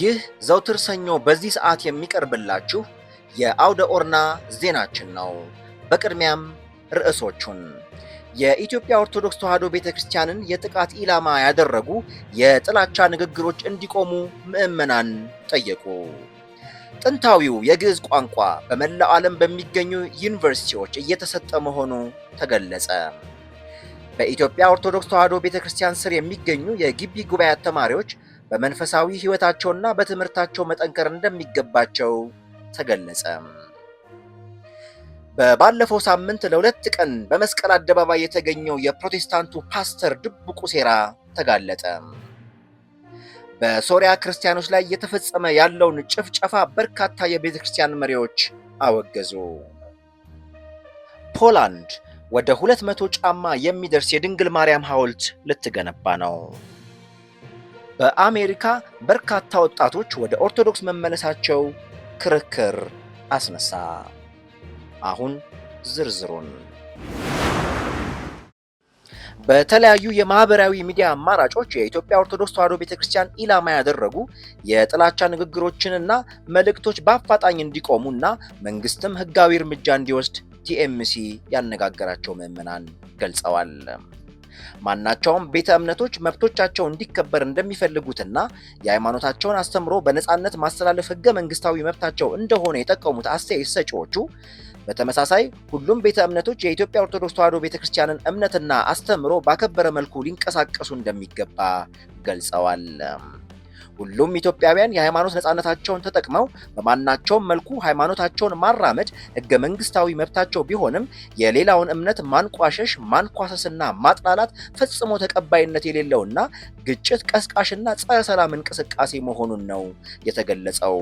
ይህ ዘውትር ሰኞ በዚህ ሰዓት የሚቀርብላችሁ የአውደ ኦርና ዜናችን ነው። በቅድሚያም ርዕሶቹን የኢትዮጵያ ኦርቶዶክስ ተዋሕዶ ቤተ ክርስቲያንን የጥቃት ኢላማ ያደረጉ የጥላቻ ንግግሮች እንዲቆሙ ምዕመናን ጠየቁ። ጥንታዊው የግዕዝ ቋንቋ በመላው ዓለም በሚገኙ ዩኒቨርሲቲዎች እየተሰጠ መሆኑ ተገለጸ። በኢትዮጵያ ኦርቶዶክስ ተዋሕዶ ቤተ ክርስቲያን ስር የሚገኙ የግቢ ጉባኤ ተማሪዎች በመንፈሳዊ ሕይወታቸውና በትምህርታቸው መጠንከር እንደሚገባቸው ተገለጸ። በባለፈው ሳምንት ለሁለት ቀን በመስቀል አደባባይ የተገኘው የፕሮቴስታንቱ ፓስተር ድብቁ ሴራ ተጋለጠ። በሶሪያ ክርስቲያኖች ላይ እየተፈጸመ ያለውን ጭፍጨፋ በርካታ የቤተ ክርስቲያን መሪዎች አወገዙ። ፖላንድ ወደ ሁለት መቶ ጫማ የሚደርስ የድንግል ማርያም ሐውልት ልትገነባ ነው። በአሜሪካ በርካታ ወጣቶች ወደ ኦርቶዶክስ መመለሳቸው ክርክር አስነሳ። አሁን ዝርዝሩን በተለያዩ የማህበራዊ ሚዲያ አማራጮች የኢትዮጵያ ኦርቶዶክስ ተዋሕዶ ቤተክርስቲያን ኢላማ ያደረጉ የጥላቻ ንግግሮችንና መልእክቶች በአፋጣኝ እንዲቆሙና መንግስትም ሕጋዊ እርምጃ እንዲወስድ ቲኤምሲ ያነጋገራቸው ምዕመናን ገልጸዋል። ማናቸውም ቤተ እምነቶች መብቶቻቸው እንዲከበር እንደሚፈልጉትና የሃይማኖታቸውን አስተምሮ በነፃነት ማስተላለፍ ህገ መንግስታዊ መብታቸው እንደሆነ የጠቀሙት አስተያየት ሰጪዎቹ በተመሳሳይ ሁሉም ቤተ እምነቶች የኢትዮጵያ ኦርቶዶክስ ተዋሕዶ ቤተ ክርስቲያንን እምነትና አስተምሮ ባከበረ መልኩ ሊንቀሳቀሱ እንደሚገባ ገልጸዋል። ሁሉም ኢትዮጵያውያን የሃይማኖት ነጻነታቸውን ተጠቅመው በማናቸውም መልኩ ሃይማኖታቸውን ማራመድ ህገ መንግስታዊ መብታቸው ቢሆንም የሌላውን እምነት ማንቋሸሽ፣ ማንኳሰስና ማጥላላት ፈጽሞ ተቀባይነት የሌለውና ግጭት ቀስቃሽና ጸረ ሰላም እንቅስቃሴ መሆኑን ነው የተገለጸው።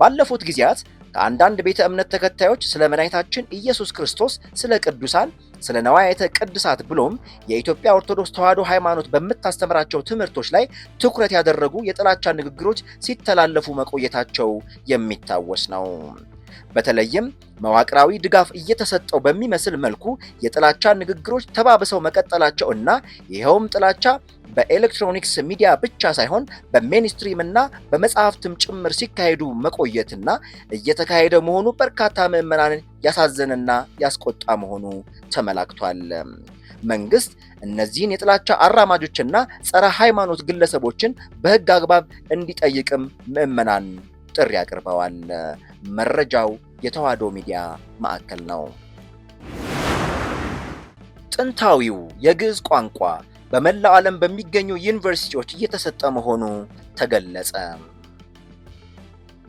ባለፉት ጊዜያት ከአንዳንድ ቤተ እምነት ተከታዮች ስለ መድኃኒታችን ኢየሱስ ክርስቶስ፣ ስለ ቅዱሳን ስለ ነዋያተ ቅድሳት ብሎም የኢትዮጵያ ኦርቶዶክስ ተዋሕዶ ሃይማኖት በምታስተምራቸው ትምህርቶች ላይ ትኩረት ያደረጉ የጥላቻ ንግግሮች ሲተላለፉ መቆየታቸው የሚታወስ ነው። በተለይም መዋቅራዊ ድጋፍ እየተሰጠው በሚመስል መልኩ የጥላቻ ንግግሮች ተባብሰው መቀጠላቸው እና ይኸውም ጥላቻ በኤሌክትሮኒክስ ሚዲያ ብቻ ሳይሆን በሜንስትሪም እና በመጽሐፍትም ጭምር ሲካሄዱ መቆየትና እየተካሄደ መሆኑ በርካታ ምዕመናንን ያሳዘነና ያስቆጣ መሆኑ ተመላክቷል። መንግስት እነዚህን የጥላቻ አራማጆችና ጸረ ሃይማኖት ግለሰቦችን በህግ አግባብ እንዲጠይቅም ምዕመናን ጥሪ አቅርበዋል። መረጃው የተዋህዶ ሚዲያ ማዕከል ነው። ጥንታዊው የግዕዝ ቋንቋ በመላው ዓለም በሚገኙ ዩኒቨርሲቲዎች እየተሰጠ መሆኑ ተገለጸ።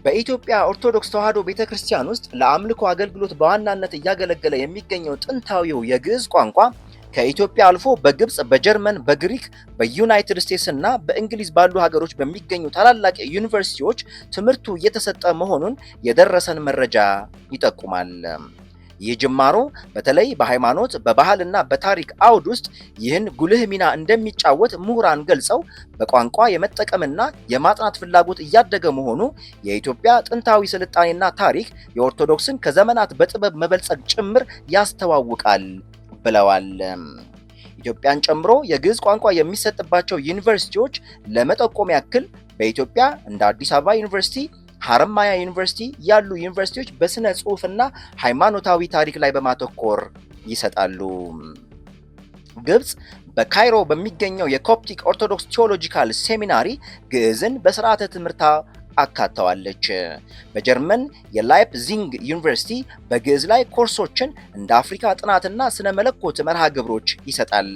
በኢትዮጵያ ኦርቶዶክስ ተዋህዶ ቤተ ክርስቲያን ውስጥ ለአምልኮ አገልግሎት በዋናነት እያገለገለ የሚገኘው ጥንታዊው የግዕዝ ቋንቋ ከኢትዮጵያ አልፎ በግብፅ፣ በጀርመን፣ በግሪክ፣ በዩናይትድ ስቴትስ እና በእንግሊዝ ባሉ ሀገሮች በሚገኙ ታላላቅ ዩኒቨርሲቲዎች ትምህርቱ እየተሰጠ መሆኑን የደረሰን መረጃ ይጠቁማል። ይህ ጅማሮ በተለይ በሃይማኖት በባህልና በታሪክ አውድ ውስጥ ይህን ጉልህ ሚና እንደሚጫወት ምሁራን ገልጸው በቋንቋ የመጠቀምና የማጥናት ፍላጎት እያደገ መሆኑ የኢትዮጵያ ጥንታዊ ስልጣኔና ታሪክ የኦርቶዶክስን ከዘመናት በጥበብ መበልጸግ ጭምር ያስተዋውቃል ብለዋል። ኢትዮጵያን ጨምሮ የግዕዝ ቋንቋ የሚሰጥባቸው ዩኒቨርሲቲዎች ለመጠቆም ያክል በኢትዮጵያ እንደ አዲስ አበባ ዩኒቨርሲቲ ሐረማያ ዩኒቨርሲቲ ያሉ ዩኒቨርሲቲዎች በስነ ጽሑፍና ሃይማኖታዊ ታሪክ ላይ በማተኮር ይሰጣሉ። ግብፅ በካይሮ በሚገኘው የኮፕቲክ ኦርቶዶክስ ቴዎሎጂካል ሴሚናሪ ግዕዝን በስርዓተ ትምህርታ አካተዋለች። በጀርመን የላይፕዚንግ ዩኒቨርሲቲ በግዕዝ ላይ ኮርሶችን እንደ አፍሪካ ጥናትና ስነ መለኮት መርሃ ግብሮች ይሰጣል።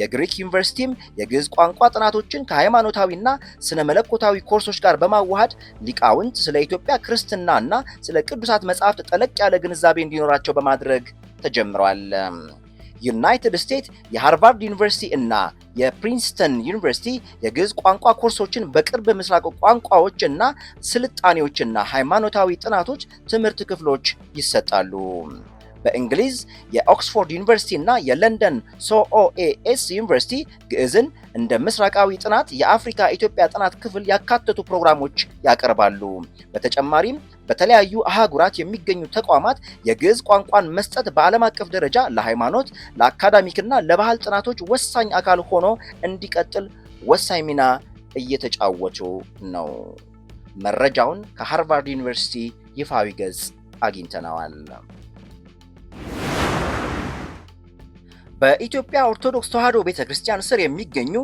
የግሪክ ዩኒቨርሲቲም የግዕዝ ቋንቋ ጥናቶችን ከሃይማኖታዊና ስነ መለኮታዊ ኮርሶች ጋር በማዋሃድ ሊቃውንት ስለ ኢትዮጵያ ክርስትናና ስለ ቅዱሳት መጻሕፍት ጠለቅ ያለ ግንዛቤ እንዲኖራቸው በማድረግ ተጀምሯል። ዩናይትድ ስቴትስ የሃርቫርድ ዩኒቨርሲቲ እና የፕሪንስተን ዩኒቨርሲቲ የግዕዝ ቋንቋ ኮርሶችን በቅርብ ምስራቅ ቋንቋዎች እና ና ሃይማኖታዊ ጥናቶች ትምህርት ክፍሎች ይሰጣሉ። በእንግሊዝ የኦክስፎርድ ዩኒቨርሲቲ እና የለንደን ሶኦኤኤስ ዩኒቨርሲቲ ግዕዝን እንደ ምስራቃዊ ጥናት የአፍሪካ ኢትዮጵያ ጥናት ክፍል ያካተቱ ፕሮግራሞች ያቀርባሉ። በተጨማሪም በተለያዩ አህጉራት የሚገኙ ተቋማት የግዕዝ ቋንቋን መስጠት በዓለም አቀፍ ደረጃ ለሃይማኖት፣ ለአካዳሚክና ለባህል ጥናቶች ወሳኝ አካል ሆኖ እንዲቀጥል ወሳኝ ሚና እየተጫወቱ ነው። መረጃውን ከሃርቫርድ ዩኒቨርሲቲ ይፋዊ ገጽ አግኝተነዋል። በኢትዮጵያ ኦርቶዶክስ ተዋሕዶ ቤተ ክርስቲያን ስር የሚገኙ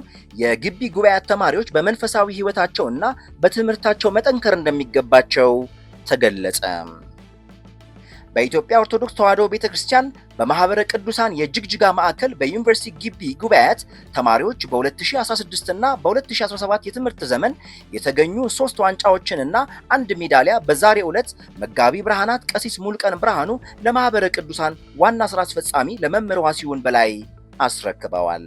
የግቢ ጉባኤያት ተማሪዎች በመንፈሳዊ ሕይወታቸውና በትምህርታቸው መጠንከር እንደሚገባቸው ተገለጸ። በኢትዮጵያ ኦርቶዶክስ ተዋሕዶ ቤተ ክርስቲያን በማኅበረ ቅዱሳን የጅግጅጋ ማዕከል በዩኒቨርሲቲ ግቢ ጉባኤያት ተማሪዎች በ2016 እና በ2017 የትምህርት ዘመን የተገኙ ሶስት ዋንጫዎችን እና አንድ ሜዳሊያ በዛሬ ዕለት መጋቢ ብርሃናት ቀሲስ ሙልቀን ብርሃኑ ለማኅበረ ቅዱሳን ዋና ሥራ አስፈጻሚ ለመምህር ዋሲሁን በላይ አስረክበዋል።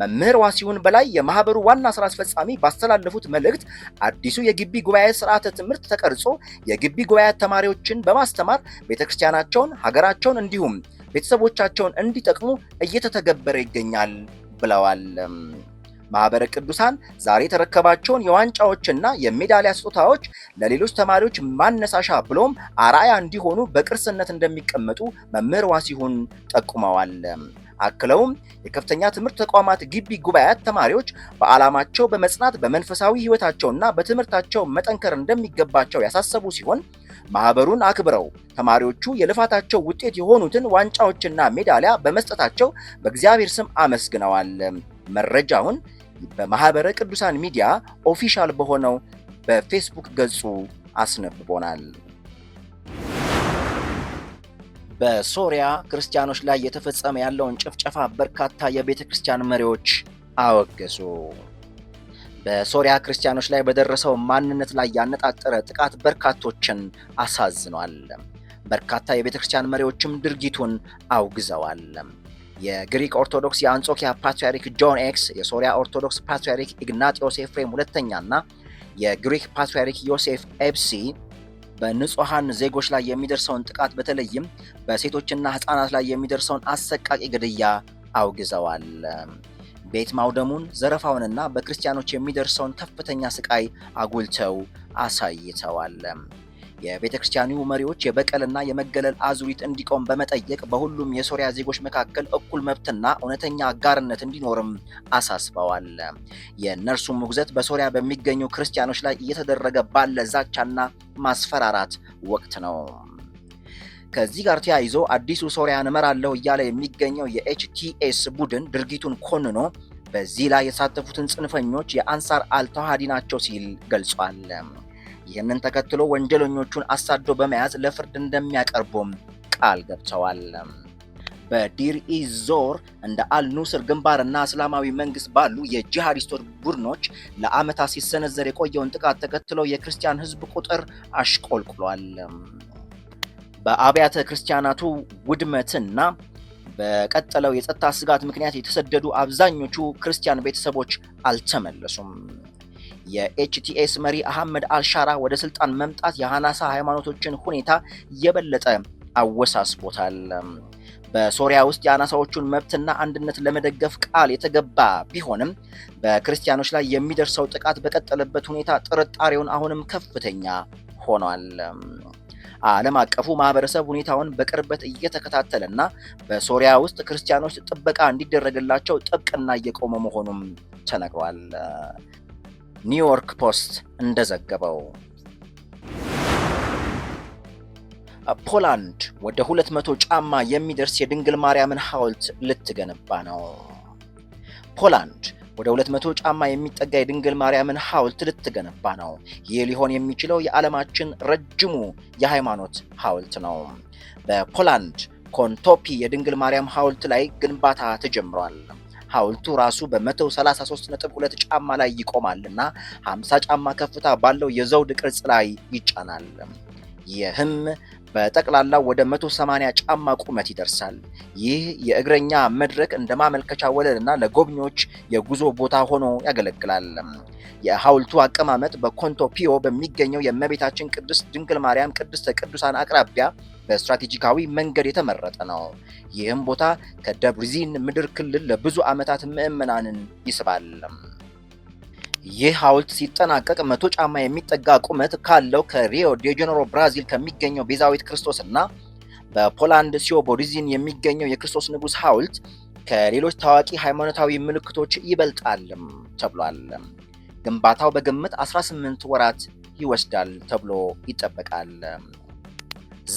መምህር ዋሲሁን በላይ የማህበሩ ዋና ስራ አስፈጻሚ ባስተላለፉት መልእክት አዲሱ የግቢ ጉባኤ ስርዓተ ትምህርት ተቀርጾ የግቢ ጉባኤ ተማሪዎችን በማስተማር ቤተክርስቲያናቸውን፣ ሀገራቸውን እንዲሁም ቤተሰቦቻቸውን እንዲጠቅሙ እየተተገበረ ይገኛል ብለዋል። ማህበረ ቅዱሳን ዛሬ የተረከባቸውን የዋንጫዎችና የሜዳሊያ ስጦታዎች ለሌሎች ተማሪዎች ማነሳሻ ብሎም አራያ እንዲሆኑ በቅርስነት እንደሚቀመጡ መምህር ዋሲሁን ጠቁመዋል። አክለውም የከፍተኛ ትምህርት ተቋማት ግቢ ጉባኤያት ተማሪዎች በዓላማቸው በመጽናት በመንፈሳዊ ሕይወታቸውና በትምህርታቸው መጠንከር እንደሚገባቸው ያሳሰቡ ሲሆን ማህበሩን አክብረው ተማሪዎቹ የልፋታቸው ውጤት የሆኑትን ዋንጫዎችና ሜዳሊያ በመስጠታቸው በእግዚአብሔር ስም አመስግነዋል። መረጃውን በማህበረ ቅዱሳን ሚዲያ ኦፊሻል በሆነው በፌስቡክ ገጹ አስነብቦናል። በሶሪያ ክርስቲያኖች ላይ የተፈጸመ ያለውን ጭፍጨፋ በርካታ የቤተ ክርስቲያን መሪዎች አወገዙ። በሶሪያ ክርስቲያኖች ላይ በደረሰው ማንነት ላይ ያነጣጠረ ጥቃት በርካቶችን አሳዝኗል። በርካታ የቤተ ክርስቲያን መሪዎችም ድርጊቱን አውግዘዋል። የግሪክ ኦርቶዶክስ የአንጾኪያ ፓትርያርክ ጆን ኤክስ፣ የሶሪያ ኦርቶዶክስ ፓትርያርክ ኢግናጢዮስ ኤፍሬም ሁለተኛና የግሪክ ፓትርያርክ ዮሴፍ ኤፕሲ በንጹሐን ዜጎች ላይ የሚደርሰውን ጥቃት በተለይም በሴቶችና ህፃናት ላይ የሚደርሰውን አሰቃቂ ግድያ አውግዘዋል። ቤት ማውደሙን ዘረፋውንና በክርስቲያኖች የሚደርሰውን ከፍተኛ ስቃይ አጉልተው አሳይተዋል። የቤተ ክርስቲያኑ መሪዎች የበቀልና የመገለል አዙሪት እንዲቆም በመጠየቅ በሁሉም የሶሪያ ዜጎች መካከል እኩል መብትና እውነተኛ አጋርነት እንዲኖርም አሳስበዋል። የእነርሱ ሙግዘት በሶሪያ በሚገኙ ክርስቲያኖች ላይ እየተደረገ ባለ ዛቻና ማስፈራራት ወቅት ነው። ከዚህ ጋር ተያይዞ አዲሱ ሶሪያን እመራለሁ እያለ የሚገኘው የኤችቲኤስ ቡድን ድርጊቱን ኮንኖ በዚህ ላይ የተሳተፉትን ጽንፈኞች የአንሳር አልተዋሃዲ ናቸው ሲል ገልጿል። ይህንን ተከትሎ ወንጀለኞቹን አሳዶ በመያዝ ለፍርድ እንደሚያቀርቡም ቃል ገብተዋል። በዲር ኢዞር እንደ አልኑስር ግንባርና እስላማዊ መንግስት ባሉ የጂሃዲስቶች ቡድኖች ለአመታት ሲሰነዘር የቆየውን ጥቃት ተከትለው የክርስቲያን ሕዝብ ቁጥር አሽቆልቁሏል። በአብያተ ክርስቲያናቱ ውድመትና በቀጠለው የጸጥታ ስጋት ምክንያት የተሰደዱ አብዛኞቹ ክርስቲያን ቤተሰቦች አልተመለሱም። የኤችቲኤስ መሪ አህመድ አልሻራ ወደ ስልጣን መምጣት የሐናሳ ሃይማኖቶችን ሁኔታ የበለጠ አወሳስቦታል። በሶሪያ ውስጥ የአናሳዎቹን መብትና አንድነት ለመደገፍ ቃል የተገባ ቢሆንም በክርስቲያኖች ላይ የሚደርሰው ጥቃት በቀጠለበት ሁኔታ ጥርጣሬውን አሁንም ከፍተኛ ሆኗል። ዓለም አቀፉ ማህበረሰብ ሁኔታውን በቅርበት እየተከታተለና በሶሪያ ውስጥ ክርስቲያኖች ጥበቃ እንዲደረግላቸው ጥብቅና እየቆመ መሆኑም ተነግሯል። ኒውዮርክ ፖስት እንደዘገበው ፖላንድ ወደ 200 ጫማ የሚደርስ የድንግል ማርያምን ሐውልት ልትገነባ ነው። ፖላንድ ወደ 200 ጫማ የሚጠጋ የድንግል ማርያምን ሐውልት ልትገነባ ነው። ይህ ሊሆን የሚችለው የዓለማችን ረጅሙ የሃይማኖት ሐውልት ነው። በፖላንድ ኮንቶፒ የድንግል ማርያም ሐውልት ላይ ግንባታ ተጀምሯል። ሐውልቱ ራሱ በ133.2 ጫማ ላይ ይቆማል እና 50 ጫማ ከፍታ ባለው የዘውድ ቅርጽ ላይ ይጫናል። ይህም በጠቅላላው ወደ 180 ጫማ ቁመት ይደርሳል። ይህ የእግረኛ መድረክ እንደ ማመልከቻ ወለልና ለጎብኚዎች የጉዞ ቦታ ሆኖ ያገለግላል። የሐውልቱ አቀማመጥ በኮንቶፒዮ በሚገኘው የእመቤታችን ቅድስት ድንግል ማርያም ቅድስተ ቅዱሳን አቅራቢያ በስትራቴጂካዊ መንገድ የተመረጠ ነው። ይህም ቦታ ከደብሪዚን ምድር ክልል ለብዙ ዓመታት ምዕመናንን ይስባል። ይህ ሐውልት ሲጠናቀቅ መቶ ጫማ የሚጠጋ ቁመት ካለው ከሪዮ ዴጀኔሮ ብራዚል ከሚገኘው ቤዛዊት ክርስቶስ እና በፖላንድ ሲዮቦሪዚን የሚገኘው የክርስቶስ ንጉሥ ሐውልት ከሌሎች ታዋቂ ሃይማኖታዊ ምልክቶች ይበልጣል ተብሏል። ግንባታው በግምት 18 ወራት ይወስዳል ተብሎ ይጠበቃል።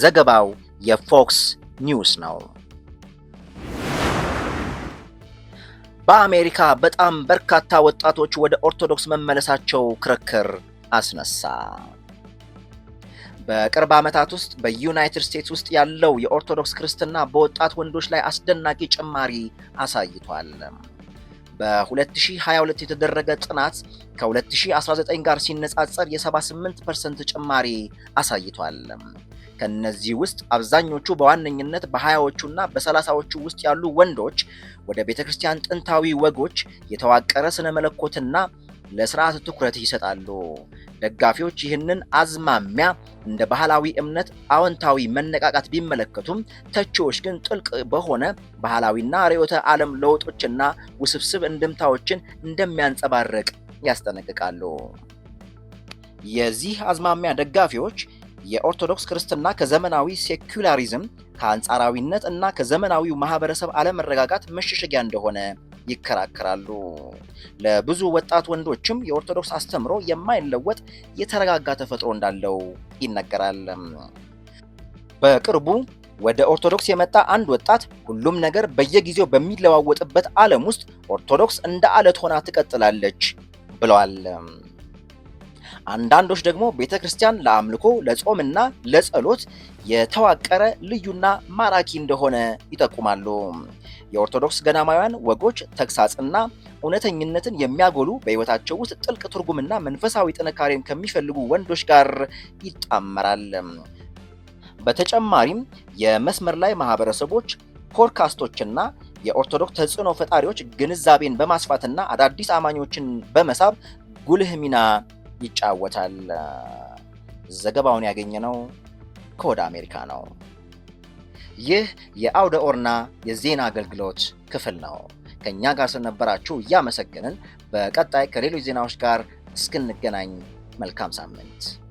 ዘገባው የፎክስ ኒውስ ነው። በአሜሪካ በጣም በርካታ ወጣቶች ወደ ኦርቶዶክስ መመለሳቸው ክርክር አስነሳ። በቅርብ ዓመታት ውስጥ በዩናይትድ ስቴትስ ውስጥ ያለው የኦርቶዶክስ ክርስትና በወጣት ወንዶች ላይ አስደናቂ ጭማሪ አሳይቷል። በ2022 የተደረገ ጥናት ከ2019 ጋር ሲነጻጸር የ78 ፐርሰንት ጭማሪ አሳይቷል። ከነዚህ ውስጥ አብዛኞቹ በዋነኝነት በሀያዎቹና በሰላሳዎቹ ውስጥ ያሉ ወንዶች ወደ ቤተ ክርስቲያን ጥንታዊ ወጎች የተዋቀረ ስነ መለኮትና ለስርዓት ትኩረት ይሰጣሉ። ደጋፊዎች ይህንን አዝማሚያ እንደ ባህላዊ እምነት አዎንታዊ መነቃቃት ቢመለከቱም፣ ተቺዎች ግን ጥልቅ በሆነ ባህላዊና ርዕዮተ ዓለም ለውጦችና ውስብስብ እንድምታዎችን እንደሚያንጸባርቅ ያስጠነቅቃሉ። የዚህ አዝማሚያ ደጋፊዎች የኦርቶዶክስ ክርስትና ከዘመናዊ ሴኩላሪዝም ከአንጻራዊነት እና ከዘመናዊው ማህበረሰብ አለመረጋጋት መሸሸጊያ እንደሆነ ይከራከራሉ። ለብዙ ወጣት ወንዶችም የኦርቶዶክስ አስተምሮ የማይለወጥ የተረጋጋ ተፈጥሮ እንዳለው ይነገራል። በቅርቡ ወደ ኦርቶዶክስ የመጣ አንድ ወጣት ሁሉም ነገር በየጊዜው በሚለዋወጥበት ዓለም ውስጥ ኦርቶዶክስ እንደ አለት ሆና ትቀጥላለች ብለዋል። አንዳንዶች ደግሞ ቤተ ክርስቲያን ለአምልኮ ለጾምና ለጸሎት የተዋቀረ ልዩና ማራኪ እንደሆነ ይጠቁማሉ። የኦርቶዶክስ ገዳማውያን ወጎች ተግሳጽና እውነተኝነትን የሚያጎሉ በሕይወታቸው ውስጥ ጥልቅ ትርጉምና መንፈሳዊ ጥንካሬን ከሚፈልጉ ወንዶች ጋር ይጣመራል። በተጨማሪም የመስመር ላይ ማህበረሰቦች ፖድካስቶችና የኦርቶዶክስ ተጽዕኖ ፈጣሪዎች ግንዛቤን በማስፋትና አዳዲስ አማኞችን በመሳብ ጉልህ ሚና ይጫወታል። ዘገባውን ያገኘነው ከወደ አሜሪካ ነው። ይህ የአውደ ኦርና የዜና አገልግሎት ክፍል ነው። ከእኛ ጋር ስለነበራችሁ እያመሰገንን በቀጣይ ከሌሎች ዜናዎች ጋር እስክንገናኝ መልካም ሳምንት